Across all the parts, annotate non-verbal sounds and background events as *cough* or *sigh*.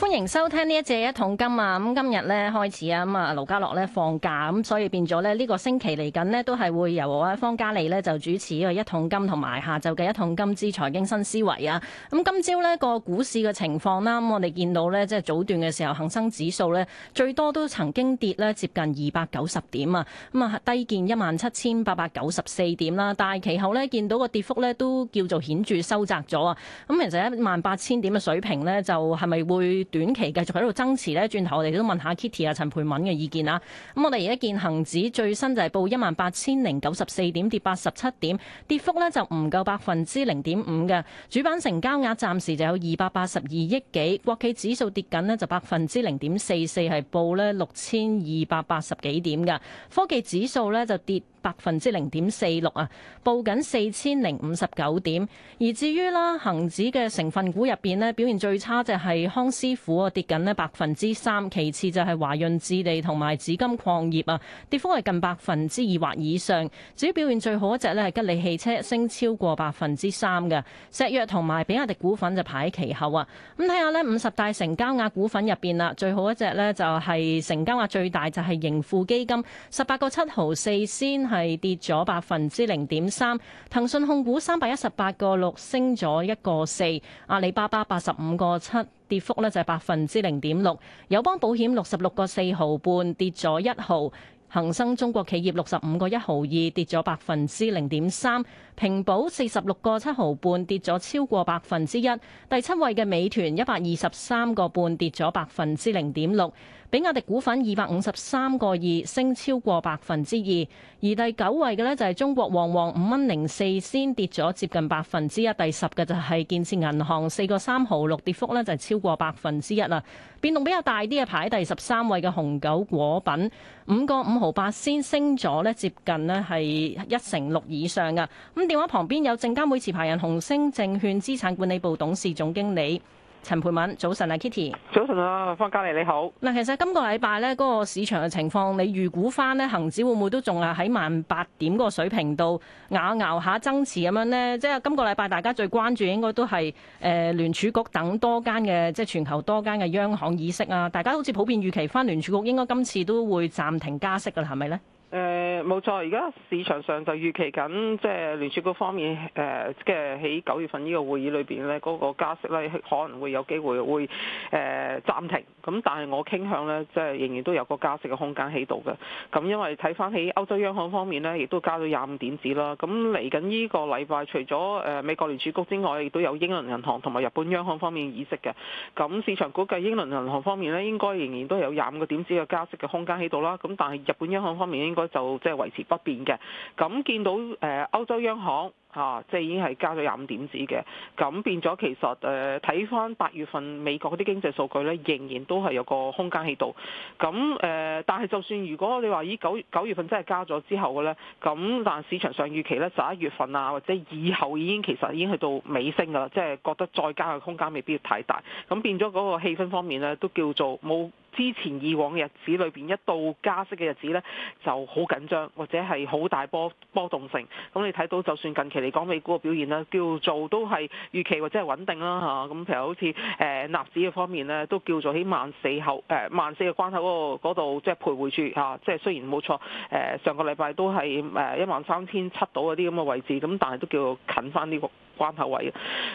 歡迎收聽呢一隻一桶金啊！咁今日咧開始啊，咁啊盧家樂咧放假，咁所以變咗咧呢個星期嚟緊呢都係會由啊方嘉莉咧就主持啊一桶金同埋下晝嘅一桶金之財經新思維啊！咁今朝呢個股市嘅情況啦，咁我哋見到咧即係早段嘅時候，恒生指數咧最多都曾經跌咧接近二百九十點啊！咁啊低見一萬七千八百九十四點啦，但係其後咧見到個跌幅咧都叫做顯著收窄咗啊！咁其實一萬八千點嘅水平咧就係咪會？短期繼續喺度增持呢，轉頭我哋都問下 Kitty 啊、陳蓓敏嘅意見啊。咁我哋而家見恒指最新就係報一萬八千零九十四點，跌八十七點，跌幅呢就唔夠百分之零點五嘅。主板成交額暫時就有二百八十二億幾，國企指數跌緊呢就百分之零點四四，係報呢六千二百八十幾點嘅。科技指數呢就跌百分之零點四六啊，報緊四千零五十九點。而至於啦恒指嘅成分股入邊呢，表現最差就係康師傅。跌緊呢百分之三。其次就係華潤置地同埋紫金礦業啊，跌幅係近百分之二或以上。至於表現最好一隻呢，係吉利汽車，升超過百分之三嘅石藥同埋比亞迪股份就排喺其後啊。咁睇下呢，五十大成交額股份入邊啦，最好一隻呢，就係成交額最大就係盈富基金十八個七毫四，先係跌咗百分之零點三。騰訊控股三百一十八個六，升咗一個四。阿里巴巴八十五個七。跌幅呢就係百分之零點六，友邦保險六十六個四毫半，跌咗一毫。恒生中國企業六十五個一毫二，跌咗百分之零點三，平保四十六個七毫半，跌咗超過百分之一，第七位嘅美團一百二十三個半，跌咗百分之零點六，比亞迪股份二百五十三個二，升超過百分之二。而第九位嘅呢就係中國旺旺五蚊零四先，跌咗接近百分之一，第十嘅就係建設銀行四個三毫六，跌幅呢就係超過百分之一啦，變動比較大啲嘅排第十三位嘅洪九果品五個五。5. 5豪八先升咗，呢接近呢係一成六以上噶。咁電話旁邊有證監會持牌人紅星證券資產管理部董事總經理。陳蓓敏，早晨啊，Kitty，早晨啊，方嘉莉，你好。嗱，其實今個禮拜咧，嗰、那個市場嘅情況，你預估翻咧，恒指會唔會都仲啊喺萬八點嗰個水平度咬咬下爭持咁樣咧？即係今個禮拜大家最關注應該都係誒、呃、聯儲局等多間嘅即係全球多間嘅央行議息啊。大家好似普遍預期翻聯儲局應該今次都會暫停加息啦，係咪咧？誒、欸。冇錯，而家市場上就預期緊，即係聯儲局方面誒嘅喺九月份呢個會議裏邊呢，嗰、那個加息呢可能會有機會會誒、呃、暫停。咁但係我傾向呢，即係仍然都有個加息嘅空間喺度嘅。咁因為睇翻起歐洲央行方面呢，亦都加咗廿五點子啦。咁嚟緊呢個禮拜，除咗誒美國聯儲局之外，亦都有英倫銀行同埋日本央行方面議息嘅。咁市場估計英倫銀行方面呢，應該仍然都有廿五個點子嘅加息嘅空間喺度啦。咁但係日本央行方面應該就即係維持不變嘅，咁見到誒歐洲央行嚇、啊，即係已經係加咗廿五點子嘅，咁變咗其實誒睇翻八月份美國啲經濟數據咧，仍然都係有個空間喺度。咁誒、呃，但係就算如果你話依九九月份真係加咗之後嘅咧，咁但市場上預期咧十一月份啊，或者以後已經其實已經去到尾聲㗎啦，即係覺得再加嘅空間未必要太大。咁變咗嗰個氣氛方面咧，都叫做冇。之前以往嘅日子裏邊，一到加息嘅日子呢就好緊張或者係好大波波動性。咁你睇到就算近期嚟講，美股嘅表現咧，叫做都係預期或者係穩定啦嚇。咁、啊、譬如好似誒、呃、納指嘅方面呢，都叫做喺萬四後誒萬四嘅關口嗰度即係徘徊住嚇。即、啊、係雖然冇錯誒、呃，上個禮拜都係誒一萬三千七到嗰啲咁嘅位置，咁但係都叫近翻呢個關口位，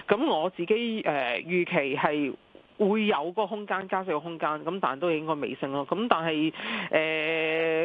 咁我自己誒、呃、預期係。會有個空間，加上個空間咁，但係都應該微升咯。咁但係誒。呃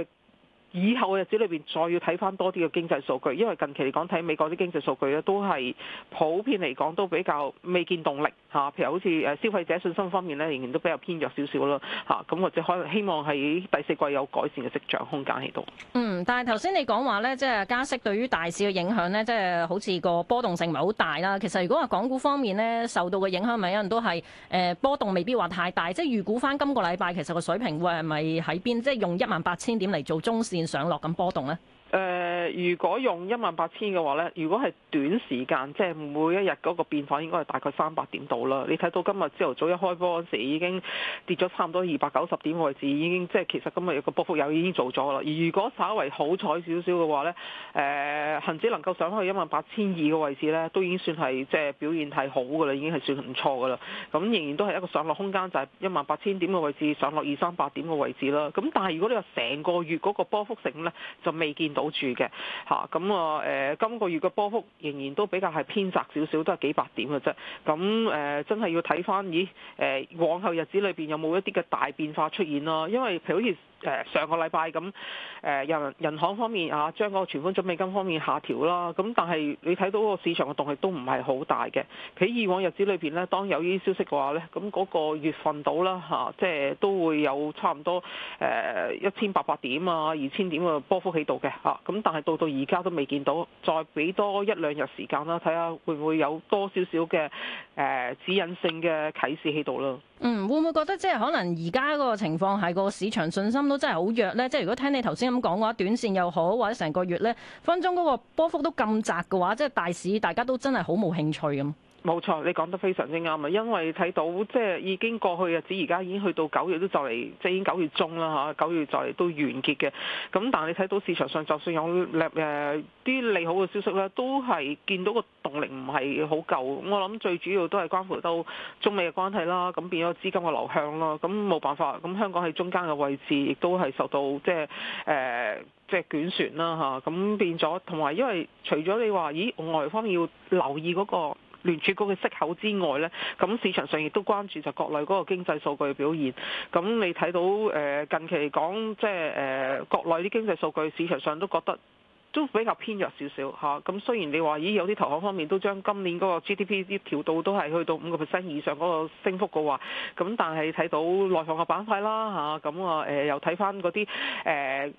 後日子裏邊，再要睇返多啲嘅經濟數據，因為近期嚟講睇美國啲經濟數據咧，都係普遍嚟講都比較未見動力吓。譬如好似誒消費者信心方面咧，仍然都比較偏弱少少咯吓。咁或者可能希望喺第四季有改善嘅跡象空間喺度。嗯，但係頭先你講話咧，即係加息對於大市嘅影響咧，即係好似個波動性唔係好大啦。其實如果話港股方面咧，受到嘅影響咪一樣都係誒波動未必話太大。即係預估返今個禮拜其實個水平會係咪喺邊？即係用一萬八千點嚟做中線上落咁波動咧。 *noise* 誒、呃，如果用一萬八千嘅話呢，如果係短時間，即係每一日嗰個變化應該係大概三百點到啦。你睇到今日朝頭早一開波嗰時已經跌咗差唔多二百九十點嘅位置，已經即係其實今日有個波幅又已經做咗啦。如果稍為好彩少少嘅話呢，誒，恆指能夠上去一萬八千二嘅位置呢，都已經算係即係表現係好嘅啦，已經係算唔錯嘅啦。咁仍然都係一個上落空間，就係一萬八千點嘅位置上落二三百點嘅位置啦。咁但係如果你話成個月嗰個波幅性呢，就未見到。守住嘅嚇，咁啊誒，今個月嘅波幅仍然都比較係偏窄少少，都係幾百點嘅啫。咁、嗯、誒，真係要睇翻咦誒，往後日子裏邊有冇一啲嘅大變化出現咯？因為譬如好似誒上個禮拜咁誒，人人行銀行方面啊，將嗰個存款準備金方面下調啦。咁、啊、但係你睇到個市場嘅動力都唔係好大嘅。喺以往日子裏邊呢，當有呢啲消息嘅話呢，咁、那、嗰個月份到啦嚇，即係都會有差唔多誒一千八百點啊，二千點嘅波幅喺度嘅。啊咁但係到到而家都未見到，再俾多一兩日時間啦，睇下會唔會有多少少嘅誒、呃、指引性嘅啟示喺度咯。嗯，會唔會覺得即係可能而家嗰個情況係個市場信心都真係好弱呢？即係如果聽你頭先咁講嘅話，短線又好或者成個月呢分鐘嗰個波幅都咁窄嘅話，即係大市大家都真係好冇興趣咁。冇錯，你講得非常之啱啊！因為睇到即係已經過去日子，而家已經去到九月都就嚟，即係已經九月中啦嚇。九月就嚟都完結嘅咁，但係你睇到市場上，就算有利啲利好嘅消息咧，都係見到個動力唔係好夠。我諗最主要都係關乎到中美嘅關係啦，咁變咗資金嘅流向咯。咁冇辦法，咁香港喺中間嘅位置，亦都係受到即係誒、呃、即係捲船啦嚇。咁變咗同埋，因為除咗你話咦外，方要留意嗰、嗰個。聯儲局嘅息口之外呢，咁市場上亦都關注就國內嗰個經濟數據嘅表現。咁你睇到誒，近期嚟講，即係誒國內啲經濟數據市場上都覺得。都比較偏弱少少嚇，咁雖然你話咦有啲投行方面都將今年嗰個 GDP 啲調到都係去到五個 percent 以上嗰個升幅嘅話，咁但係睇到內房嘅板塊啦嚇，咁啊誒又睇返嗰啲誒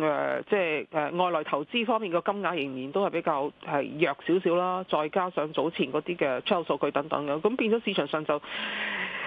誒即係誒外來投資方面嘅金額仍然都係比較係弱少少啦，再加上早前嗰啲嘅出口數據等等嘅，咁變咗市場上就。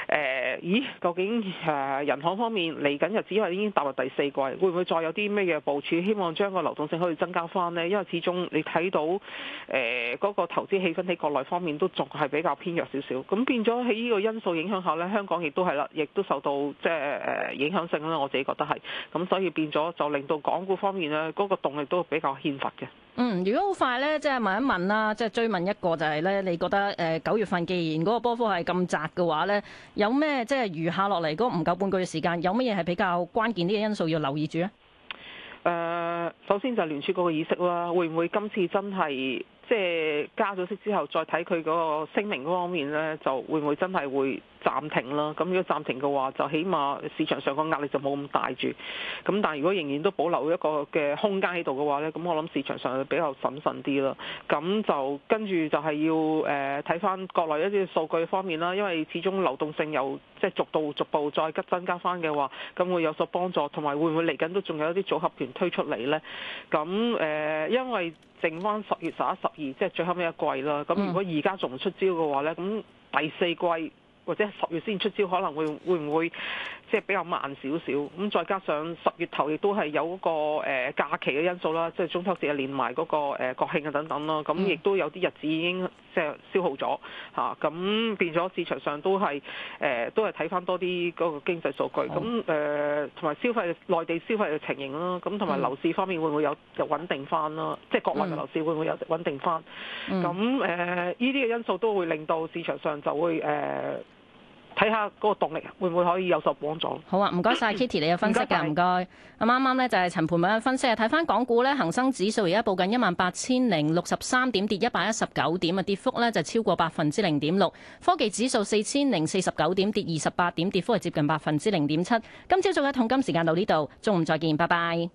誒，咦？究竟誒，銀行方面嚟緊日子，因為已經踏入第四季，會唔會再有啲咩嘅部署？希望將個流動性可以增加翻呢？因為始終你睇到誒嗰、呃那個投資氣氛喺國內方面都仲係比較偏弱少少，咁變咗喺呢個因素影響下呢，香港亦都係啦，亦都受到即係誒影響性啦。我自己覺得係，咁所以變咗就令到港股方面呢，嗰、那個動力都比較缺乏嘅。嗯，如果好快咧，即係問一問啦，即係追問一個就係、是、咧，你覺得誒九月份既然嗰個波幅係咁窄嘅話咧，有咩即係餘下落嚟嗰唔夠半個月時間，有乜嘢係比較關鍵啲嘅因素要留意住咧？誒、呃，首先就聯儲局嘅議息啦，會唔會今次真係？即係加咗息之後，再睇佢嗰個聲明嗰方面呢，就會唔會真係會暫停啦？咁如果暫停嘅話，就起碼市場上個壓力就冇咁大住。咁但係如果仍然都保留一個嘅空間喺度嘅話呢，咁我諗市場上係比較審慎啲咯。咁就跟住就係要誒睇翻國內一啲數據方面啦，因為始終流動性又即係逐步逐步再急增加翻嘅話，咁會有所幫助。同埋會唔會嚟緊都仲有一啲組合拳推出嚟呢？咁誒、呃，因為剩翻十月十一十。即係最後尾一季啦，咁如果而家仲唔出招嘅話咧，咁第四季或者十月先出招，可能會會唔會？即係比較慢少少，咁再加上十月頭亦都係有個誒假期嘅因素啦，即係中秋節啊連埋嗰個誒國慶啊等等咯，咁亦都有啲日子已經即係消耗咗吓，咁變咗市場上都係誒都係睇翻多啲嗰個經濟數據，咁誒同埋消費內地消費嘅情形啦，咁同埋樓市方面會唔會有有穩定翻啦？即係國內嘅樓市會唔會有穩定翻？咁誒呢啲嘅因素都會令到市場上就會誒。呃睇下嗰個動力會唔會可以有所幫助？好啊，唔該晒 Kitty 你嘅分析㗎，唔該。阿啱啱呢就係陳蓓敏嘅分析啊，睇翻港股呢，恒生指數而家報緊一萬八千零六十三點，跌一百一十九點啊，跌幅呢就超過百分之零點六。科技指數四千零四十九點，跌二十八點，跌幅係接近百分之零點七。今朝早嘅統金時間到呢度，中午再見，拜拜。